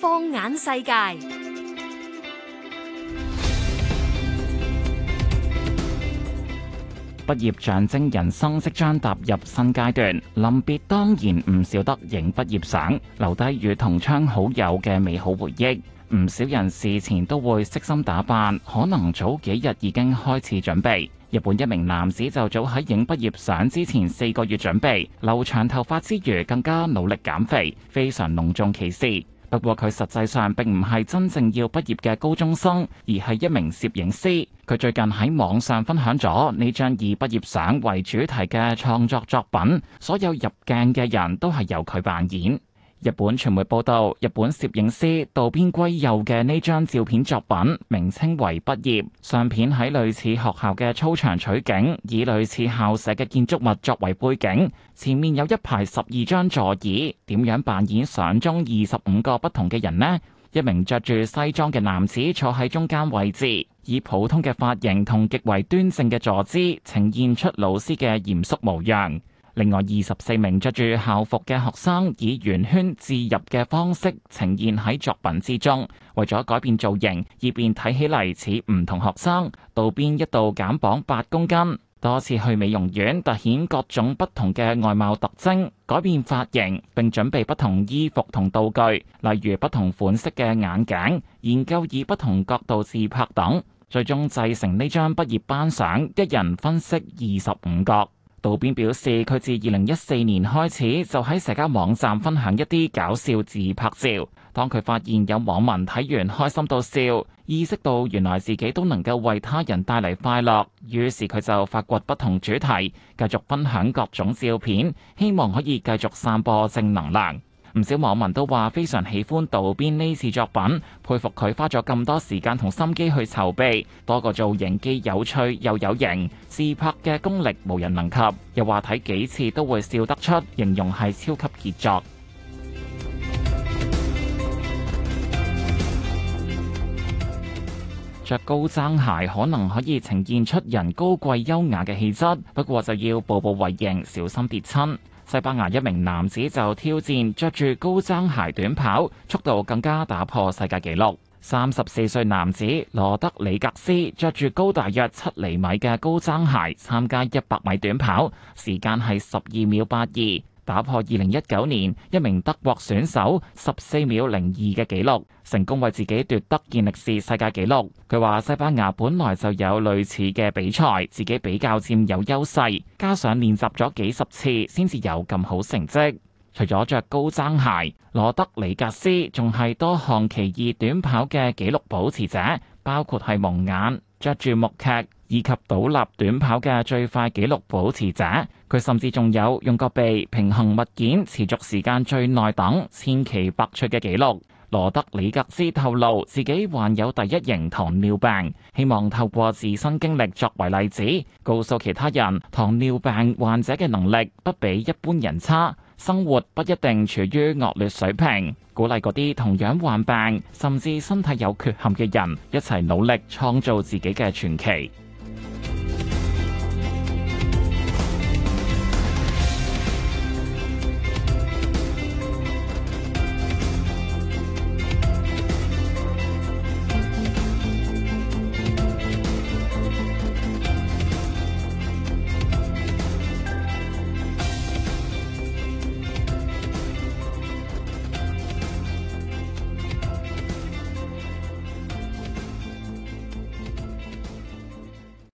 放眼世界，畢業象徵人生即將踏入新階段，臨別當然唔少得影畢業相，留低與同窗好友嘅美好回憶。唔少人事前都會悉心打扮，可能早幾日已經開始準備。日本一名男子就早喺影畢業相之前四個月準備，留長頭髮之餘，更加努力減肥，非常隆重其事。不過佢實際上並唔係真正要畢業嘅高中生，而係一名攝影師。佢最近喺網上分享咗呢張以畢業相為主題嘅創作作品，所有入鏡嘅人都係由佢扮演。日本傳媒報道，日本攝影師渡邊圭佑嘅呢張照片作品，名稱為畢業，相片喺類似學校嘅操場取景，以類似校舍嘅建築物作為背景，前面有一排十二張座椅。點樣扮演相中二十五個不同嘅人呢？一名着住西裝嘅男子坐喺中間位置，以普通嘅髮型同極為端正嘅坐姿，呈現出老師嘅嚴肅模樣。另外，二十四名着住校服嘅學生以圓圈置入嘅方式呈現喺作品之中，為咗改變造型以便睇起嚟似唔同學生。道邊一度減磅八公斤，多次去美容院突顯各種不同嘅外貌特徵，改變髮型並準備不同衣服同道具，例如不同款式嘅眼鏡，研究以不同角度自拍等，最終製成呢張畢業班相，一人分飾二十五角。渡邊表示，佢自二零一四年開始就喺社交網站分享一啲搞笑自拍照。當佢發現有網民睇完開心到笑，意識到原來自己都能夠為他人帶嚟快樂，於是佢就發掘不同主題，繼續分享各種照片，希望可以繼續散播正能量。唔少網民都話非常喜歡渡邊呢次作品，佩服佢花咗咁多時間同心機去籌備，多個造型既有趣又有型，自拍嘅功力無人能及。又話睇幾次都會笑得出，形容係超級傑作。着高踭鞋可能可以呈現出人高貴優雅嘅氣質，不過就要步步為營，小心跌親。西班牙一名男子就挑戰着住高踭鞋短跑，速度更加打破世界紀錄。三十四歲男子羅德里格斯着住高大約七厘米嘅高踭鞋，參加一百米短跑，時間係十二秒八二。打破二零一九年一名德國選手十四秒零二嘅紀錄，成功為自己奪得健力士世界紀錄。佢話西班牙本來就有類似嘅比賽，自己比較佔有優勢，加上練習咗幾十次，先至有咁好成績。除咗着高踭鞋，羅德里格斯仲係多項奇異短跑嘅紀錄保持者，包括係蒙眼着住木屐，以及倒立短跑嘅最快紀錄保持者，佢甚至仲有用個鼻平衡物件持續時間最耐等千奇百趣嘅紀錄。羅德里格斯透露自己患有第一型糖尿病，希望透過自身經歷作為例子，告訴其他人糖尿病患者嘅能力不比一般人差，生活不一定處於惡劣水平，鼓勵嗰啲同樣患病甚至身體有缺陷嘅人一齊努力創造自己嘅傳奇。